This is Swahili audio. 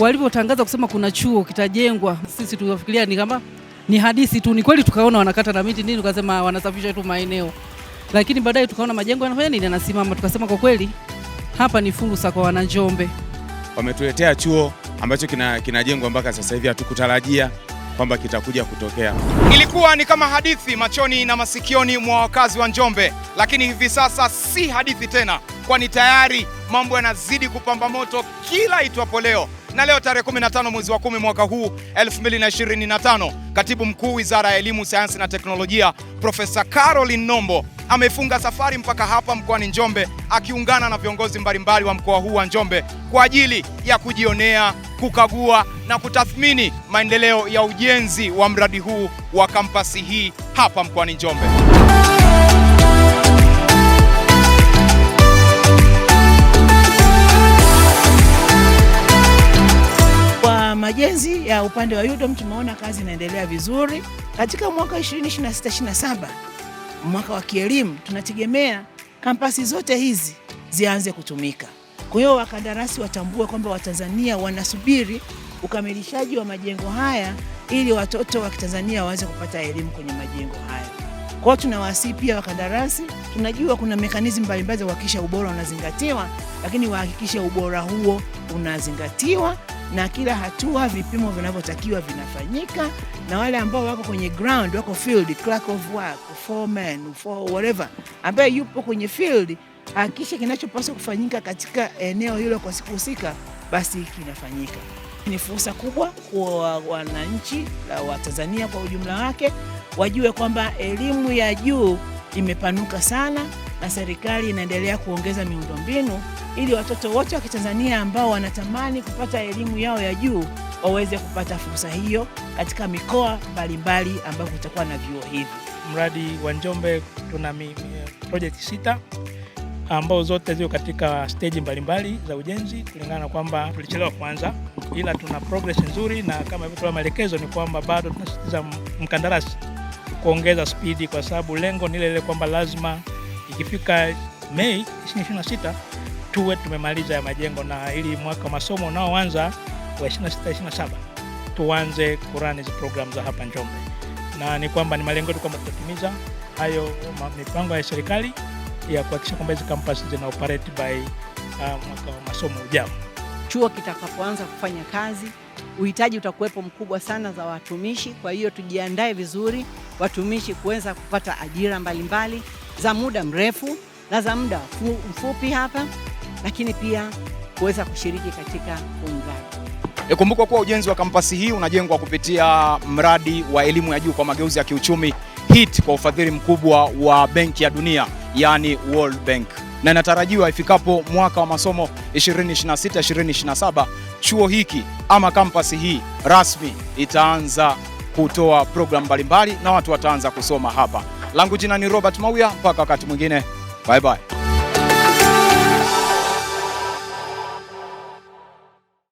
walivyotangaza kusema kuna chuo kitajengwa, sisi tulifikiria ni kama ni hadithi tu. Ni kweli, tukaona wanakata na miti nini, tukasema wanasafisha tu maeneo, lakini baadaye tukaona majengo yanafanya nini, yanasimama. Tukasema kwa kweli hapa ni fursa kwa Wananjombe. Wametuletea chuo ambacho kinajengwa kina mpaka sasa hivi hatukutarajia kwamba kitakuja kutokea. Ilikuwa ni kama hadithi machoni na masikioni mwa wakazi wa Njombe, lakini hivi sasa si hadithi tena, kwani tayari mambo yanazidi kupamba moto kila itwapo leo na leo tarehe 15 mwezi wa 10 mwaka huu 2025, katibu mkuu Wizara ya Elimu, Sayansi na Teknolojia Profesa Caroline Nombo amefunga safari mpaka hapa mkoani Njombe akiungana na viongozi mbalimbali wa mkoa huu wa Njombe kwa ajili ya kujionea, kukagua na kutathmini maendeleo ya ujenzi wa mradi huu wa kampasi hii hapa mkoani Njombe. majenzi ya upande wa UDOM tumeona kazi inaendelea vizuri katika mwaka 2026/27 mwaka wa kielimu tunategemea kampasi zote hizi zianze kutumika. Kwa hiyo wakandarasi watambue kwamba Watanzania wanasubiri ukamilishaji wa majengo haya ili watoto wa Kitanzania waweze kupata elimu kwenye majengo haya. Kwa hiyo tunawasihi pia wakandarasi, tunajua kuna mekanizmu mbalimbali za kuhakikisha ubora unazingatiwa, lakini wahakikishe ubora huo unazingatiwa na kila hatua vipimo vinavyotakiwa vinafanyika, na wale ambao wako kwenye ground, wako field, clerk of work, foreman, for whatever, ambaye yupo kwenye field, hakikisha kinachopaswa kufanyika katika eneo hilo kwa siku husika, basi kinafanyika. Ni fursa kubwa kwa wananchi wa Tanzania kwa ujumla wake wajue kwamba elimu ya juu imepanuka sana na serikali inaendelea kuongeza miundombinu ili watoto wote wa Kitanzania ambao wanatamani kupata elimu yao ya juu waweze kupata fursa hiyo katika mikoa mbalimbali ambayo kutakuwa na vyuo hivi. Mradi wa Njombe tuna projekti sita ambao zote ziko katika steji mbalimbali za ujenzi, kulingana na kwamba tulichelewa kwanza, ila tuna progress nzuri, na kama ilivyotoa maelekezo ni kwamba bado tunasisitiza mkandarasi kuongeza spidi, kwa sababu lengo ni lile kwamba lazima ikifika Mei 2026 tuwe tumemaliza ya majengo, na ili mwaka wa masomo unaoanza wa 26 27 tuanze kurani hizi programu za hapa Njombe, na ni kwamba ni malengo yetu kwamba tutatimiza hayo mipango ya serikali ya kuhakikisha kwamba hizi kampasi zina operate by uh, mwaka wa masomo ujao. Chuo kitakapoanza kufanya kazi, uhitaji utakuwepo mkubwa sana za watumishi, kwa hiyo tujiandae vizuri watumishi kuweza kupata ajira mbalimbali mbali, za muda mrefu na za muda mfupi hapa, lakini pia kuweza kushiriki katika uungaji. Ikumbukwa kuwa ujenzi wa kampasi hii unajengwa kupitia mradi wa elimu ya juu kwa mageuzi ya kiuchumi HIT kwa ufadhili mkubwa wa Benki ya Dunia yaani World Bank, na inatarajiwa ifikapo mwaka wa masomo 2026 2027 chuo hiki ama kampasi hii rasmi itaanza kutoa programu mbalimbali na watu wataanza kusoma hapa. Langu jina ni Robert Mauya, mpaka wakati mwingine, bye bye.